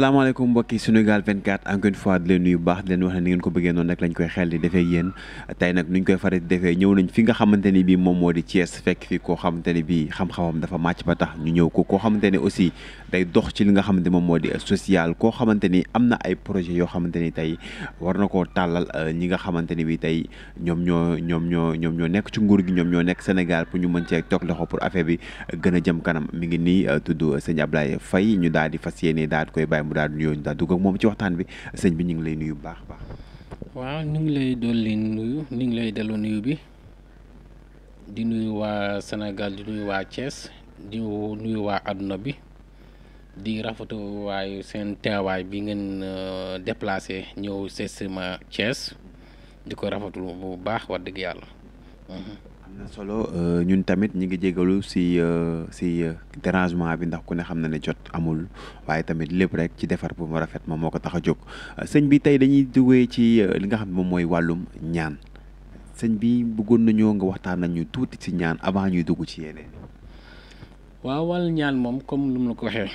salaamaaleykum mbokki Sunugal sénégal encore une fois di leen baax di leen ne ni ko bëggee noonu rek lañ koy xel di defee yéen tey nag nuñ koy faral di defee ñëw nañ fi nga xamante ni bii moom moo di Thiès fekk fi koo xamante ni bii xam-xamam dafa màcc ba tax ñu ñëw ko koo xamante ni aussi day dox ci li nga xamante moom moo di social koo xamante ni am na ay projet yoo xamante ni tey war na koo tàllal euh, ñi nga xamante ni bii tey ñoom ñoo ñoom ñoo ñoom ñoo nekk ci nguur gi ñoom ñoo nekk Sénégal pour ñu mën cee toog loxo pour affaire bi gën a jëm kanam mi ngi nii euh, tudd sëñ Ablaye ñu daal di fas yéene daal koy bàyyi mu daal di nuyoo ñu daal dugg ak moom ci waxtaan bi sëñ bi ñu ngi lay nuyu bu baax baax. waaw ñu ngi lay dolli nuyu ñu ngi lay delloo nuyu bi di nuyu waa Sénégal di nuyu waa Thiès di nuyu waa àdduna bi di rafetlu waayu seen teewaay bi ngeen euh, déplacé ñëw seet si ma Thiès di ko rafetlu bu baax wax dëgg yàlla. Mhm. solo euh, ñun tamit ñi ngi jégalu si euh, si euh, dérangement bi ndax ku ne xam na ne jot amul waaye tamit lépp rek ci defar bu mu rafet moom moo ko tax a jóg sëñ bi tey dañuy duggee ci li nga xam ne moom mooy wàllum ñaan sëñ bi bëggoon nañoo nga waxtaan nañu tuuti ci ñaan avant ñuy dugg ci yeneen. waaw moom comme lu mu la ko waxee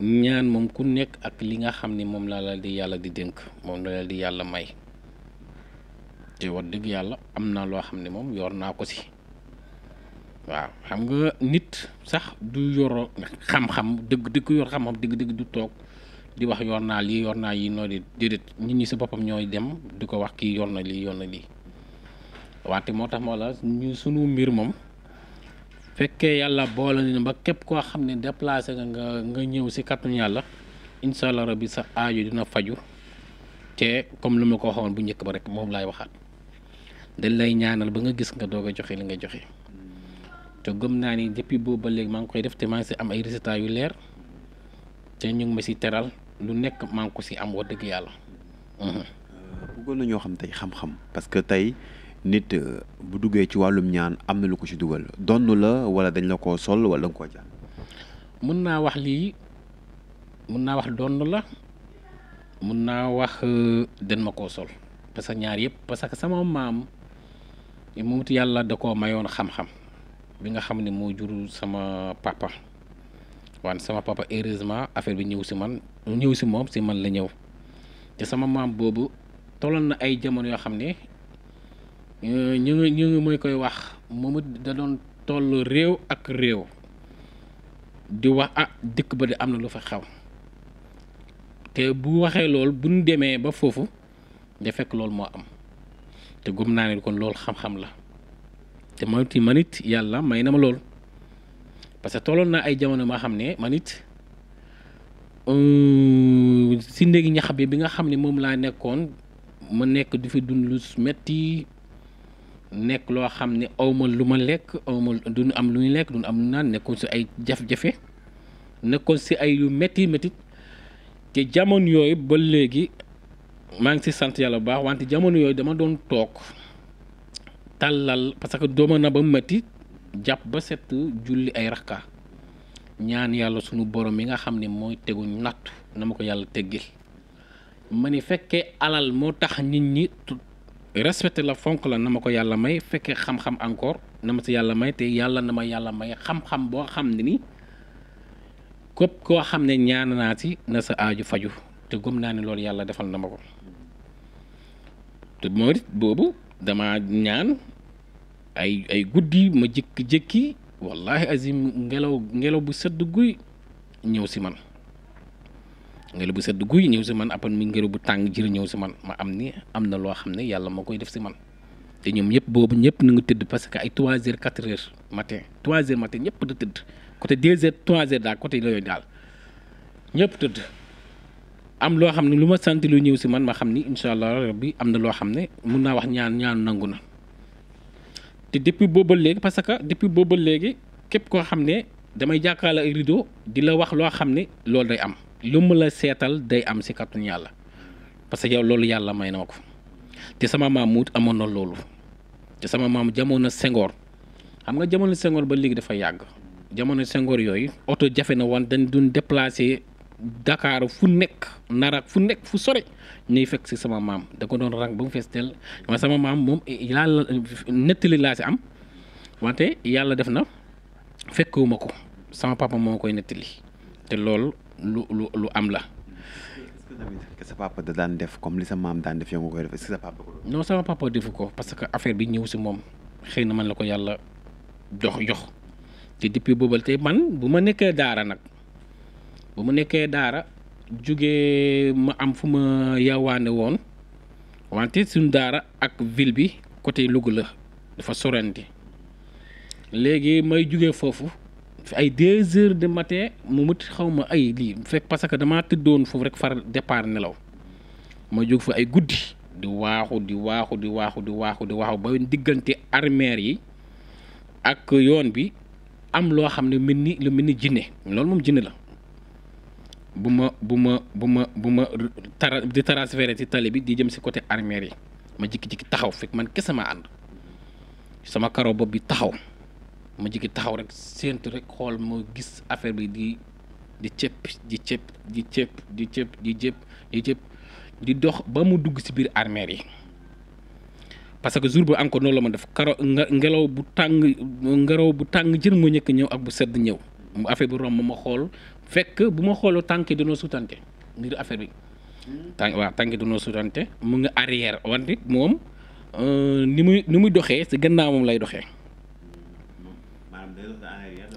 ñaan moom ku nekk ak li nga xam ni moom la la di yàlla di dénk moom la la di yàlla may. te wax dëgg yàlla am na loo xam ne moom yor naa ko si waaw xam nga nit sax du yor xam-xam dëgg dëgg yor xam-xam du toog di wax yor naa lii yor naa yi noo di déedéet nit ñi si boppam ñooy dem di ko wax kii yor na lii yor na lii wante moo tax moo la ñu sunu mbir moom fekkee yàlla boole na ba képp koo xam ne déplacé nga nga nga ñëw si kàttanu yàlla incha allah rabbi sa aajo dina faju te comme lu ma ko waxoon bu njëkk ba rek moom laay waxaat dañ lay ñaanal ba nga gis nga doog a joxe li nga joxe te gëm naa ni depuis boobu ba léegi maa ngi koy def te maa ngi si am ay résultats yu leer te ñu ma si teral lu nekk maa ngi ko si am wax dëgg yàlla. Mhm. bëggoon na ñoo xam tey xam-xam parce que tey nit euh, bu duggee ci wàllum ñaan am na lu ko ci dugal donn la wala dañ la koo sol wala nga koo jàng. mun naa wax lii mun naa wax donn la mun naa wax euh, dañ ma koo sol parce ñaar yëpp parce sama maam. moom it yàlla da koo mayoon xam-xam bi nga xam ne moo jur sama papa waan sama papa heureusement affaire bi ñëw si man ñëw si moom si man la ñëw te sama maam boobu tolloon na ay jamono yoo xam ne euh, ñu ngi mooy koy wax moom it da doon toll réew ak réew di wax a ah, dëkk ba di am na lu fa xew te bu waxee loolu bu ñu demee ba foofu da fekk loolu moo am. te gëm naa ne kon loolu xam-xam la te man it man yàlla may na ma lool parce que tolloon naa ay jamono maa xam ne manit euh, si ndéegi ñax bi bi nga xam ne moom laa nekkoon ma nekk du fi dund lu metti nekk loo xam ne awma lu ma lekk awma duñu am lu ñu lekk duñu am lu naan nekkoon si ay jaf-jafe nekkoon si ay yu metti metti te jamono yooyu ba léegi maa ngi si sant yàlla bu baax wante jamono yooyu dama doon toog tàllal parce que dooma na ba métti jàpp ba set julli ay rakka ñaan yàlla sunu borom yi nga xam ne mooy tegu natt na ma ko yàlla teggil ma ni fekkee alal moo tax nit ñi respecté la fonk la na ma ko yàlla may fekkee xam-xam encore na ma si yàlla may te yàlla na ma yàlla may xam-xam boo xam ne ni képp koo xam ne ñaan naa si na sa aaju faju te gëm naa ne loolu yàlla defal na ma ko te mooy boobu dama ñaan ay ay guddi ma jëkk jëkki wallahi azim ngelaw ngelaw bu sedd guy ñëw si man ngelaw bu sedd guy ñëw si man après mi ngelaw bu tàng jër ñëw si man ma am ni am na loo xam ne yàlla moo koy def si man te ñoom yëpp boobu ñëpp na nga tëdd parce que ay 3 heures 4 heures matin 3 heures matin ñëpp da tëdd côté 2 heures 3 heures daal côté yooyu daal ñëpp tëdd am loo xam ne lu ma sant lu ñëw si man ma xam ni incha allah rabbi am na loo xam ne mun naa wax ñaan ñaan nangu na te depuis boobu léegi parce que depuis boobu léegi képp koo xam ne damay jàkkaarloo ay rideau di la wax loo xam ne loolu day am lu mu la seetal day am si kàttanu yàlla parce que yow loolu yàlla may na ma ko te sama maam Mout amoon na loolu te sama maam jamono sengoor xam nga jamono sengoor ba léegi dafa yàgg jamono Senghor yooyu oto jafe na woon dañ doon Dakar fu nekk nara fu nekk fu sore ñuy fekk si sama maam da ko doon rang ba mu fees teel ma sama maam moom yàlla nettali laa si am wante yàlla def na fekkewuma ko sama papa moo koy nettali te loolu lu lu lu am la. que daan def comme li sa maam daan def yow nga sama papa defu ko parce que affaire bi ñëw si moom xëy na man la ko yàlla jox jox te depuis boobal tey man bu ma nekkee daara nag. ba mu nekkee daara jugee ma am fu ma yawaane woon wante suñ daara ak ville bi côté Louga la dafa sorante léegi may jugee foofu ay deux heures de matin mu mut xaw ma ay lii fekk parce que damaa tëddoon foofu rek far départ nelaw ma jóg fa ay guddi di waaxu di waaxu di waaxu di waaxu di waaxu ba diggante armeer yi ak yoon bi am loo xam ne mel ni lu mel ni jinne loolu moom jinne la bu ma bu ma bu ma bu ma tara di transféré ci tali bi di jëm si côté armère yi ma jikki-jikki taxaw fekk man kese maa ànd sama karo bopp bi taxaw ma jikki taxaw rek séentu rek xool moo gis affaire bi di di cëpp di cëpp di cëpp di cëpp di jëpp di jëpp di dox ba mu dugg si biir armère yi parce que jour bi encore noonu la ma def karo ngelaw bu tàng ngelaw bu tàng jër moo ñëkk ñëw ak bu sedd ñëw mu affaire bi romb ma xool fekk bu ma xooloo tànki danoo sutante ngir affaire bi. tànk waaw tànki danoo sutante mu ngi arrière wante moom euh, ni muy ni muy doxee si gannaaw moom lay doxee.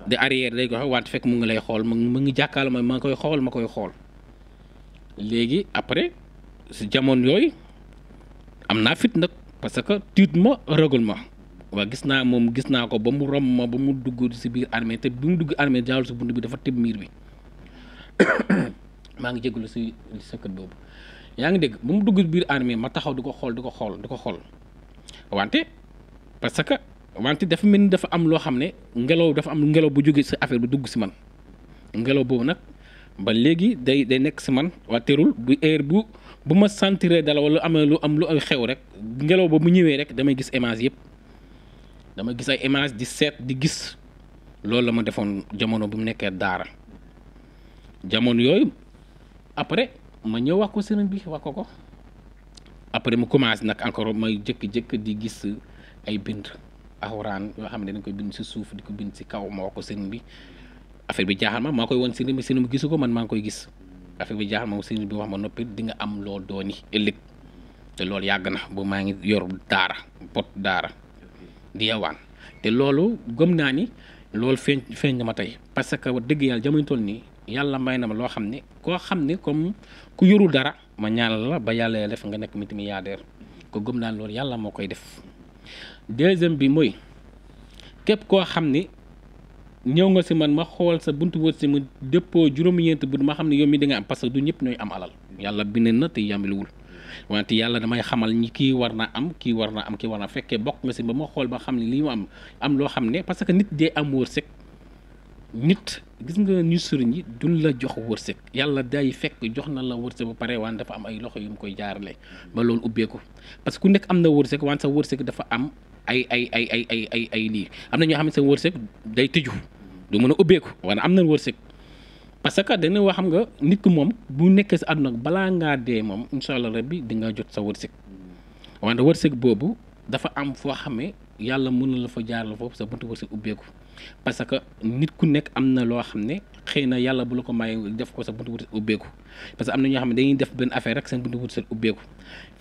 de arrière day doxee wante fekk mu ngi lay xool mu ngi jàkkaarloo ma ma koy xool ma koy xool léegi après si jamono yooyu am naa fit nag parce que tiit ma ragul ma. waa gis naa moom gis naa ko ba mu romb ma ba mu dugg si biir armée te bi mu dugg armée jaawul si bunt bi dafa tëb miir bi maa ngi jégalu si secret boobu yaa ngi dégg bu mu dugg biir armée ma taxaw du ko xool du ko xool di ko xool wante parce que wante dafa mel ni dafa am loo xam ne ngelaw dafa am ngelaw bu jóge si affaire bi dugg si man ngelaw boobu nag ba léegi day day nekk si man waa bu heure bu bu ma sentiree dala wala amee lu am lu ay xew rek ngelaw ba mu ñëwee rek damay gis image yëpp damay gis ay image di seet di gis loolu la ma defoon jamono bu mu nekkee daara jamono yooyu après ma ñëw wax ko sëriñ bi wax ko ko après mu commencé nag encore may jëkk jëkk di gis ay bind axuraan yoo xam ne dañ koy bind si suuf di ko bind si kaw ma wax ko sëriñ bi affaire bi jaaxal ma maa koy won sëriñ bi sëriñ bi gisu ko man maa ngi koy gis affaire bi jaaxal ma sëriñ bi wax ma noppi di nga am loo dooni ëllëg te loolu yàgg na bu maa ngi yor daara pot daara di yawaan te loolu gëm naa ni loolu feeñ feeñ na ma tey parce que dëgg yàlla jamono nii yàlla may na ma loo xam ne koo xam ne comme ku yorul dara ma ñaanal la ba yàlla def nga nekk mi multimilliardaire ko gëm naa loolu yàlla moo koy def deuxième bi mooy képp koo xam ni ñëw nga si man ma xool sa bunt wër si mu dëppoo juróom-ñeent bu ma xam ne yow mi di am parce que du ñëpp ñooy am alal yàlla bind na te yàmbiluwul wante yàlla damay xamal ñi kii war na am kii war na am kii war na fekkee bokk nga si ba ma xool ba xam ne lii mu am am loo xam ne parce que nit dee am wërsëg nit gis nga ñu sëriñ yi du la jox wërsëg yàlla day fekk jox na la wërsëg ba pare waan dafa am ay loxo yu mu koy jaarale ba loolu ubbeeku parce que ku nekk am na wërsëg waan sa wërsëg dafa am ay ay ay ay ay ay ay lii am na ñoo xam ne sa wërsëg day tëju du mën a ubbeeku wala am na wërsëg parce que dana wax xam nga nit ki moom bu nekkee sa àdduna balaa ngaa dee moom incha allah rabbi di nga jot sa wërsëg wante wërsëg boobu dafa am foo xamee yàlla mën na la fa jaarale foofu sa buntu wërsëg ubbeeku parce que nit ku nekk am na loo xam ne xëy na yàlla bu la ko may def ko sa buntu wërsëg ubbeeku parce que am na ñoo xam ne dañuy def benn affaire rek seen buntu wërsëg ubbeeku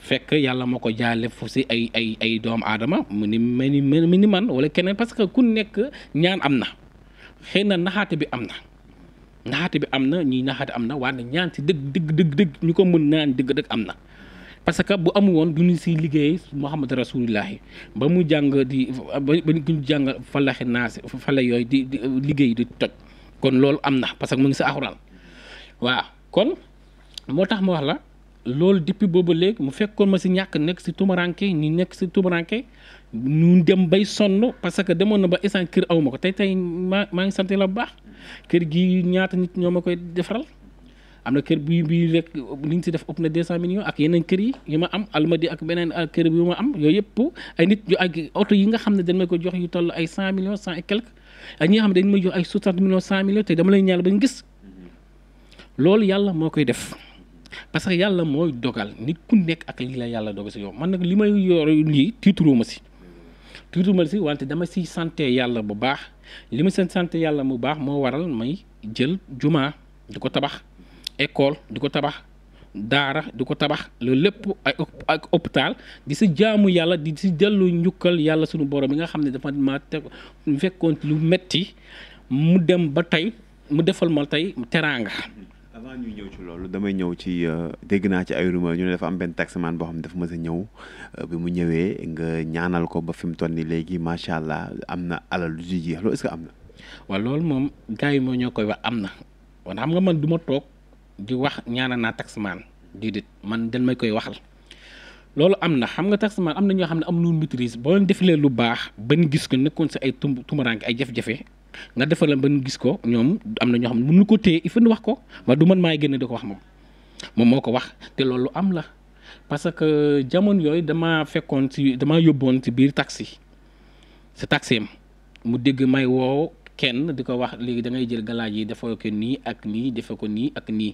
fekk yàlla moo ko jaale fu si ay ay ay doomu aadama mu ni mel ni man wala keneen parce que ku nekk ñaan am na xëy na naxaate bi am na naxaate bi am na ñuy naxaate am na waaye ñaan si dëgg dëgg dëgg dëgg ñu ko mën naan dëgg dëgg am na parce que bu amu woon du ñu si liggéey Muhammad Rasulullahi ba mu jàng di ba ba ñu jàng falaxe naas fala yooyu di di liggéey di toj kon loolu am na parce que mu ngi si Alxuraan waaw kon moo tax ma wax la loolu depuis boobu léegi mu fekkoon ma si ñàkk nekk si tumaranke ñu nekk si tumaranke ñu dem bay sonn parce que demoon na ba instant kër aw ko tey tey maa maa ngi sant la bu baax kër gi ñaata nit ñoo ma koy defaral am na kër bii bii rek li ñu si def ëpp na 200 millions ak yeneen kër yi yi ma am almadi ak beneen euh, kër yu ma am yooyu yëpp ay nit yu ak oto yi nga xam ne dañ ma ko jox yu toll ay 100 millions 100 et quelque xam dañ ma ay 60 millions 100 millions te dama lay ñaal bañ loolu yàlla moo koy def parce que yàlla mooy dogal nit ku nekk ak la yàlla dogal si yow man nag li may yor lii tiituruma si tiituruma si wante dama siy sant yàlla bu baax li ma seen sant yàlla bu baax moo waral may jël jumaa di ko tabax école du ko tabax daara du ko tabax loolu lépp ay ak hôpital di si jaamu yàlla di si dellu njukkal yàlla suñu borom bi nga xam ne dafa ma teg mu fekkoon lu metti mu dem ba tey mu defal ma tey teraanga. avant ñuy ñëw ci loolu damay ñëw ci euh, dégg naa ci ay rumeur ñu ne dafa am benn taximan boo xam ne dafa mës a ñëw euh, bi mu ñëwee nga ñaanal ko ba fi mu toll nii léegi macha allah am na alal lu ci loolu moom gars yi moo ñoo koy wax am na wan xam nga man du ma toog. di wax ñaana naa taxman déedéet man dañ may koy waxal loolu am na xam nga taxman am na ñoo xam ne am nuun maîtrise boo leen defalee lu baax ba ñu gis ko nekkoon si ay tum tumuraanke ay jafe-jafe nga defal la ba ñu gis ko ñoom am na ñoo xam ne mënu ko téye il faut wax ko ma du man maay génn di ko wax moom moom moo ko wax te loolu am la parce que jamono yooyu damaa fekkoon ci damaa yóbboon ci biir taxi si taxi mu dégg may woo kenn di ko wax léegi da ngay jël galaaj yi dafa ko nii ak nii dafa ko nii ak nii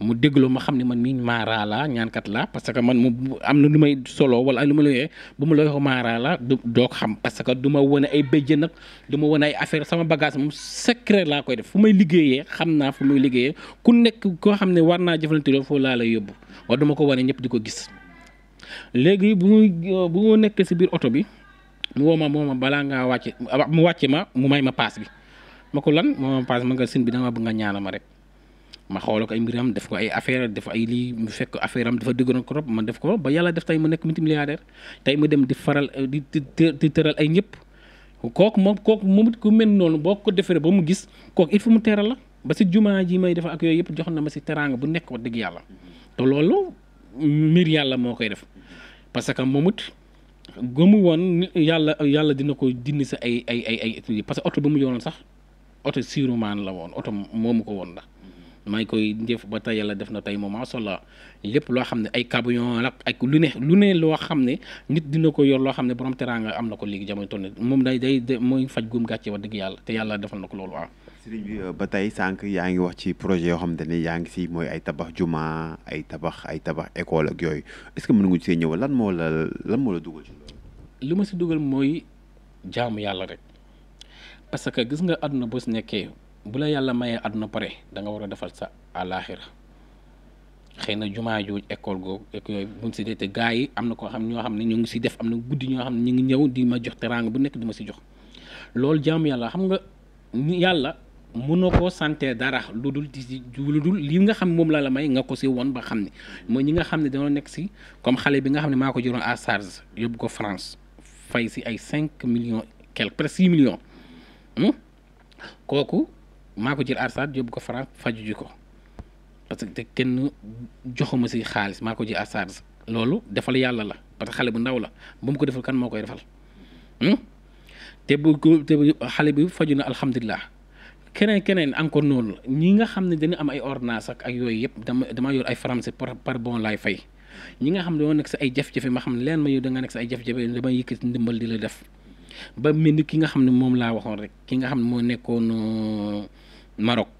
mu déglu ma xam ne man mii maaraa ñaankat la parce que man mu am na lu may solo wala lu ma looyee bu ma looy maaraa la du xam parce que du ma wane ay béjjë nag du wane ay sama bagage moom secret laa koy def fu may liggéeyee xam naa fu may liggéeyee ku nekk koo xam ne war naa jëflante loolu foofu laa lay yóbbu wala du ma ko wane ñëpp di ko gis léegi bu muy bu mu nekk si biir oto bi mu woo ma moo ma balaa ngaa wàcce mu wàcce ma mu may ma paas bi ma ko lan moom a ma nga sin bi dama bëgg nga ñaana ma rek ma xoolal ko ay mbiram def ko ay affaire def ay lii mu fekk affaire am dafa dëggoon ko trop man def ko ba yàlla def tey mu nekk multimilliardaire tey mu dem di faral eh, di di tëral ay ñëpp kooku moom kooku moom ku mel noonu boo ko defaree ba mu gis kooku il faut mu teeral la ba si jumaa ji may defa ak yooyu yëpp jox na ma si teraanga bu nekk wax dëgg yàlla te loolu mbir yàlla moo koy def parce que moom it gëmu woon yàlla yàlla dina ko dindi sa ay ay ay ay parce que oto ba mu yoroon sax oto siirumaan la woon oto moomu ko woon la maa ngi koy def ba tey yàlla def na tey moom macha allah lépp loo xam ne ay camion la ak lu ne lu ne loo xam ne nit dina ko yor loo xam ne borom teraanga am na ko léegi jamono toll moom day day mooy faj gum gàcce wa dëgg yàlla te yàlla defal na ko loolu waaw. ba tey sànq yaa ngi wax ci projet yoo xam te ne yaa ngi si mooy ay tabax juma ay tabax ay tabax école ak yooyu est ce que mën nga see ñëw lan moo la lan moo dugal ci loolu. li ma si dugal mooy jaamu yàlla rek. parce que gis nga àdduna boo si nekkee bu la yàlla mayee àdduna pare da nga war a defal sa àlaaxira xëy na jumaa jooju école googu yooyu ngi si dee te gars yi am na koo xam ñoo xam ne ñu ngi si def am na guddi ñoo xam ne ñu ngi ñëw di jox teraanga bu nekk di ma si jox loolu jaamu yàlla xam nga yàlla mënoo koo sante dara lu dul di lu dul li nga xam moom la la may nga ko si woon ba xam ne mooy ñi nga xam ne dañoo nekk si comme xale bi nga xam ne maa ko jëloon à charge yóbbu ko France fay si ay cinq millions quelque presque six millions Hmm? kooku maa ko jël arsaat yóbbu ko France faju ji ko parce que kenn joxuma si xaalis maa ko jël arsaat loolu defal yàlla la parce que xale bu ndaw la ba mu ko defal kan moo koy defal hmm? te bu ko te xale bi faju na alhamdulilah keneen keneen encore noonu la ñi nga xam ne dañu am ay ordonnance ak ak yooyu yëpp dama dama yor ay français par par bon laay fay ñi nga xam ne doo nekk si ay jafe-jafe ma xam ne leen ma yow da nga nekk si ay jafe ndimbal di la def. ba mel ni ki nga xam ne moom laa waxoon rek ki nga xam ne moo nekkoon euh, marok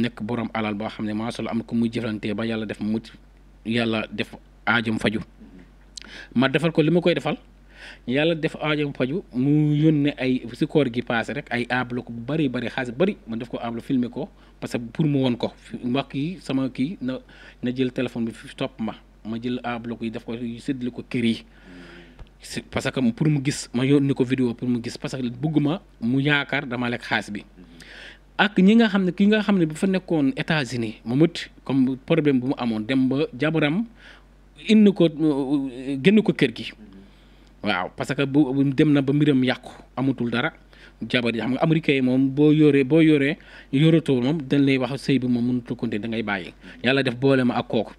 nekk boroom alal boo xam ne maasala am ko muy jëflantee ba yàlla def mucc yàlla def aajum faju ma defal ko li ma koy defal yàlla def aajam faju mu yónnee ay si gi paase rek ay ablo bu bëri bari xaalis bari ma def ko ablo filmer ko parce que pour mu woon ko mbokk yi sama kii na na jël téléphone bi fi topp ma ma jël ablo ko yi def ko séddale ko kër yi parce que pour mu gis ma yónni ko video pour mu gis parce que bëgguma mu yaakaar dama lekk xaas bi ak ñi nga xam ne ki nga xam ne bu fa nekkoon États-Unis ma mët comme problème bu mu amoon dem ba jabaram indi ko euh, euh, génn ko kër gi waaw parce que bu dem na ba mbiram yàqu amatul dara jabar yi xam nga américain yi moom boo yoree boo yoree yoratoo moom dañ lay wax sëy bi moom mënut a continuer da ngay bàyyi yàlla def boole ma ak kooku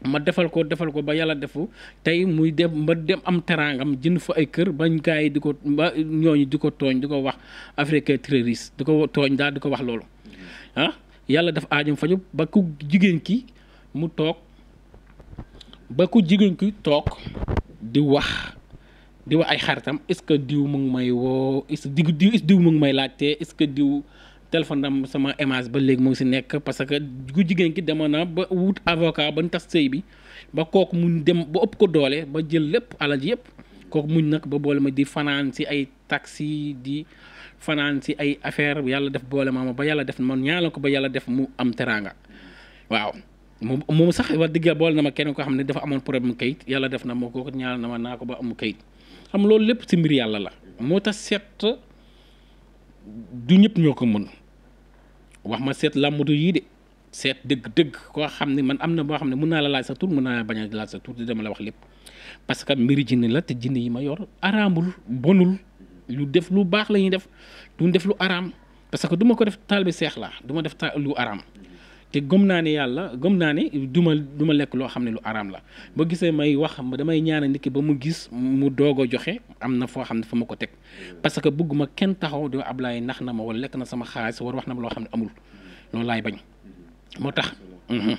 ma defal ko defal ko ba yàlla defu tey muy dem ba dem am teraangam jënd fa ay kër bañ gars yi di ko ba ñooñu di ko tooñ di ko wax africain terroriste di ko tooñ daal di ko wax loolu mm-hmm. ah yàlla def aajum faju ba ku jigéen ki mu toog ba ku jigéen ki toog di wax di wax ay xaritam est-ce que diw mu ngi may woo est-ce que diw diw mu ngi may laajte est-ce que diw téléphone am sama image ba léegi moo si nekk parce que gu jigéen ki demoon na ba wut avocat ba tas sëy bi ba kook mun dem ba ëpp ko doole ba jël lépp alal ji yëpp kooku muñ nag ba boole ma di fanaan si ay taxi di fanaan si ay affaire yàlla def boole ma ba yàlla def man ñaanal ko ba yàlla def mu am teraanga waaw. moom moom sax wax dëgg boole na ma kenn ko xam ne dafa amoon problème kayit yàlla def na moo ko ñaanal na ma naa ko ba amu kayit xam loolu lépp si mbir yàlla la moo tax seet du ñëpp ñoo ko mën. wax ma seet làmbatu yii de seet dëgg-dëgg koo xam ne man am na boo xam ne mun naa la laaj sa tur mun naa la bañ a laaj sa tur di dama la wax lépp parce que mbiri jinne la te jinne yi ma yor araamul bonul lu def lu baax la ñuy def duñ def lu araam parce que duma ko def taal bi seex la du def taal lu araam te gëm naa ne yàlla gëm naa ne du ma ma lekk loo xam ne lu araam la ba gisee may wax damay ñaar nit ki ba mu gis mu doog a joxe am na foo xam ne fa ma ko teg parce que bëgguma kenn taxaw di Ablaye nax na ma wala lekk na sama xaalis war wax na ma loo xam ne amul loolu laay bañ moo tax. Mhm.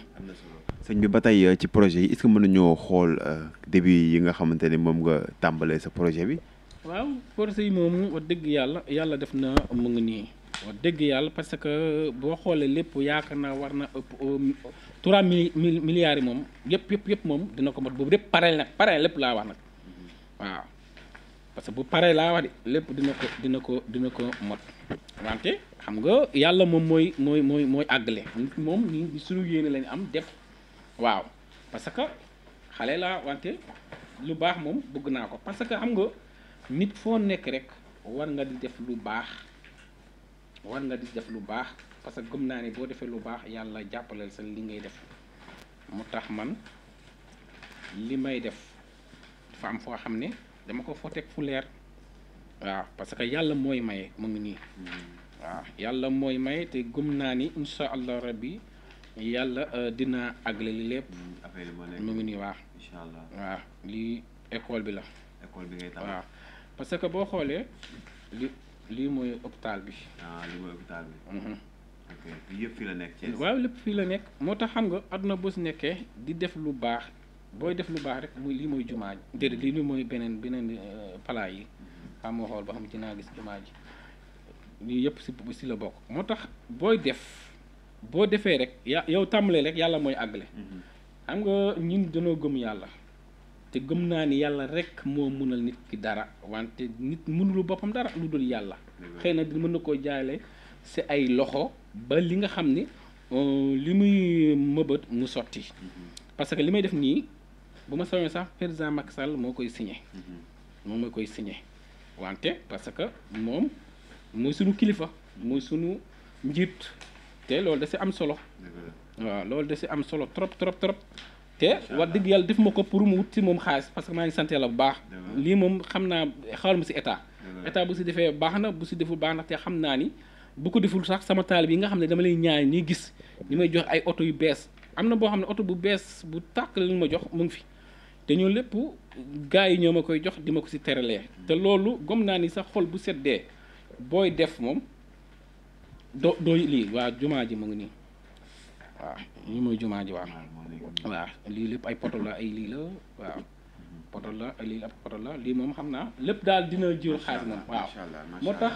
sëñ bi ba tey euh, ci projet yi est-ce que mën nañoo xool euh, début yi nga xamante ne moom nga tàmbalee sa projet bi. waaw projet yi moom wax dëgg yàlla yàlla def na mu ngi nii. wax dëgg yàlla parce que boo xoolee lépp yaakaar naa war na ëpp euh, trois mille milliards yi moom yëpp yëpp yëpp moom dina ko mot boobu lépp pare nag pare lépp laa wax nag waaw parce que bu pare laa wax de lépp dina ko dina ko dina ko mot wante xam nga yàlla moom mooy mooy mooy mooy àggale moom ñu suñu yéene lañ am def waaw parce que xale laa wante lu baax moom bëgg naa ko parce que xam nga nit foo nekk rek war nga di def lu baax war nga di def lu baax parce que gëm naa ne boo defee lu baax yàlla jàppaleel sa li ngay def mu tax man li may def dafa am foo xam ne dama ko foo fu leer waaw parce que yàlla mooy maye mu ngi nii waaw yàlla mooy maye te gëm naa ni incha allah rabbi yàlla euh, dina àggale li lépp mm, mu ngi nii waaw waaw li école bi la école bi ngay tax waaw parce que boo xoolee lii mooy hôpital bi. ah lii mooy hôpital bi. Mhm. fii la nekk Thiès. waaw lépp fii la nekk moo tax xam nga àdduna boo si nekkee di def lu baax booy def lu baax rek muy lii mooy jumaa ji déedéet lii mooy beneen beneen euh, palaa yi xam nga xool ba xam ci naa gis jumaa ji lii yëpp si si la bokk. moo tax booy def boo defee rek ya yow tàmbalee rek yàlla mooy àggale. Mhm. xam nga ñun dañoo gëm yàlla. te gëm naa ni yàlla rek moo mënal nit ki dara wante nit mënulu boppam dara lu dul yàlla xëy na mën na koo jaale si ay loxo ba li nga xam ni euh, li muy mëbët mu sotti mm-hmm. parce que li may def nii bu ma sañoon sax président Macky Sall moo koy signé mm-hmm. moom moo koy signé wante parce que moom mooy sunu kilifa mooy sunu njiit te loolu da si am solo waaw loolu da si am solo trop trop trop te wax dëgg yàlla def ma ko pour mu wut ci moom xaalis parce que maa ngi sant yàlla bu baax lii moom xam naa xawal ma si état état bu si defee baax na bu si deful baax na te xam naa ni bu ko deful sax sama taalib bi nga xam ne dama lay ñaan ñuy gis ñu may jox ay oto yu bees am na boo xam ne oto bu bees bu tàkk lañu ma jox mu ngi fi te ñoo lépp gars yi ñoo ma koy jox di ma ko si teralee te loolu gom naa ni sax xol bu seddee booy def moom doo doo lii waa jumaa ji mu ngi nii waaw lii mooy jumaa ji lépp ay poto la ay lii la waaw poto la ay lii ab poto la lii moom xam naa lépp daal dina jur xaalis moom waaw moo tax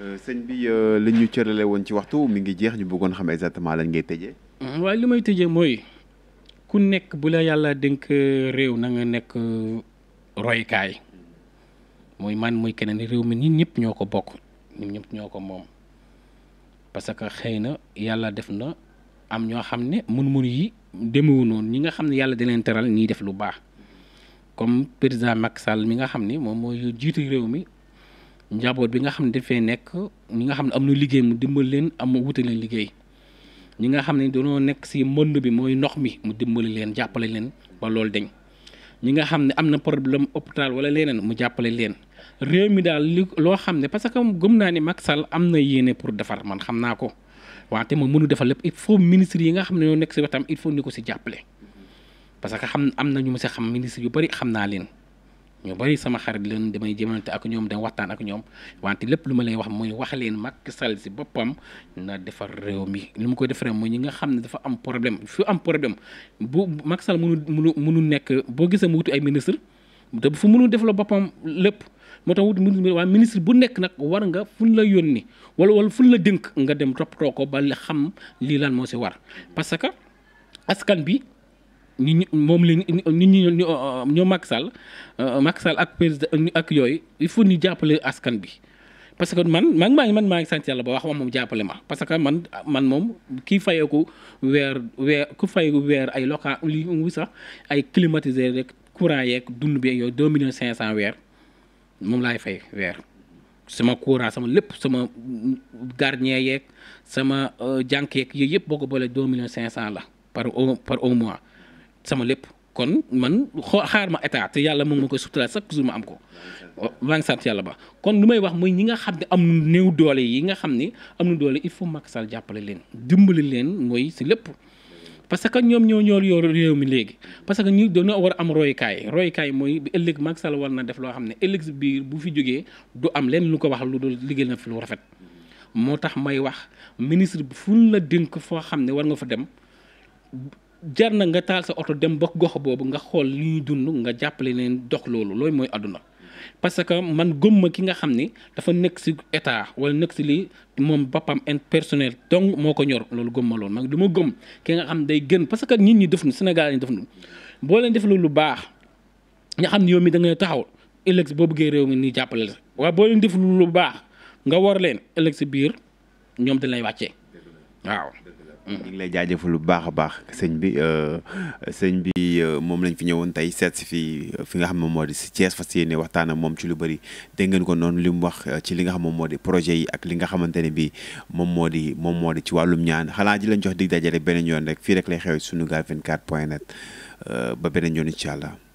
euh, sëñ bi euh, li ñu cërale woon ci waxtu mi ngi jeex ñu bëggoon xam exactement lañ ngay tëjee waaye li may tëjee mooy ku nekk bu la yàlla dénk euh, réew na nga nekk roykaay mooy man mooy keneen réew mi ñun ñëpp ñoo ko bokk ñëpp ñoo ko moom parce que xëy na yàlla def na am ñoo xam ne mun-mun yi demewu noonu ñi nga xam ne yàlla di teral ñiy def lu baax comme président Macky Sall mi nga xam ne moom mooy jiitu réew mi njaboot bi nga xam ne dafay nekk ñi nga xam ne am liggéey mu dimbal leen am mu wuute liggéey ñi nga xam ne dañoo nekk si mbënd bi mooy ndox mi mu dimbali leen jàppale leen ba loolu dañ ñi nga xam ne am na problème hôpital wala leneen mu jàppale leen réew mi daal li loo xam ne parce que gëm naa ne Macky Sall am na yéene pour defar man xam naa ko. wante moom mënu defal lépp il faut ministre yi nga xam ne ñoo nekk si wetam il faut ni ko si jàppale parce que xam am na ñu ma si xam ministre yu bëri xam naa leen ñu bari sama xarit leen damay jëmante ak ñoom dama waxtaan ak ñoom wante lépp lu ma leen wax mooy wax leen Macky Sall si boppam na defar réew mi li mu koy defaree mooy ñi nga xam ne dafa am problème fu am problème bu Macky Sall mënu mënu mënu nekk boo gisee mu wuti ay ministre te fu mënu def la boppam lépp moo tax wut ministre ministre bu nekk nag war nga fun la yónni wala wala fun la dënk nga dem toppatoo ko ba xam lii lan moo si war parce que askan bi ñi moom la nit ñi ñoo Macky Sall euh, Macky Sall ak président ak yooyu il faut ñu jàppale askan bi parce que man maa ngi man maa ngi sant la ba wax moom jàppale ma parce que man man moom kii fayeeku weer weer ku fayeeku weer ay local li sax ay climatiseur rek courant yeeg dund bi yooyu deux millions cinq weer moom laay fay weer sama courant sama lépp sama gardien yeeg sama euh, jànk yeeg yooyu yëpp boo ko boolee deux millions cinq cent la par au par au mois sama lépp kon man xoo xaar ma état te yàlla moom ma koy sutura chaque jour ma am ko maa ngi sant yàlla ba kon lu may wax mooy ñi nga xam ne am néew doole yi nga xam ni am na doole il faut Macky Sall jàppale leen dimbali leen mooy si lépp parce que ñoom ñoo ñoo yor réew mi léegi parce que ñu dañoo war a am royukaay royukaay mooy ëllëg Macky Sall war na def loo xam ne ëllëg biir bu fi jógee du am lenn lu ko wax lu dul liggéey na fi lu rafet moo tax may wax ministre bi fu la dénk foo xam ne war nga fa dem jar na nga taal sa oto dem ba gox boobu nga xool li ñuy dund nga jàppale neen dox loolu looy mooy àdduna parce que man gëmma ki nga xam ni dafa nekk si état wala nekk si lii moom boppam personnel donc moo ko ñor loolu gëmma loolu man du ma gëm ki nga xam day gën parce que nit ñi def nu Sénégal ñi def nu boo leen def lu baax nga xam ni yow mi dangay taxaw ëllëg boo bëggee réew mi nii jàppale la waaye boo leen def lu baax nga war leen ëllëg si biir ñoom dañ lay wàccee waaw Mm. ñu ngi lay lu baax a baax sëñ bi euh, sëñ bi euh, moom lañ fi ñëwoon tey seet si fi euh, fi nga xam ne moo di si Thiès fas yéene waxtaan ak moom ci lu bëri dégg ngeen ko noonu li mu wax ci li nga xam moom moo di projet yi ak li nga xamante ne bi moom moo di moom moo di ci wàllum ñaan xalaa ji lañ jox dig dajale beneen yoon rek fii rek lay xew Sunugal 24 point net ba beneen yoon incha allah.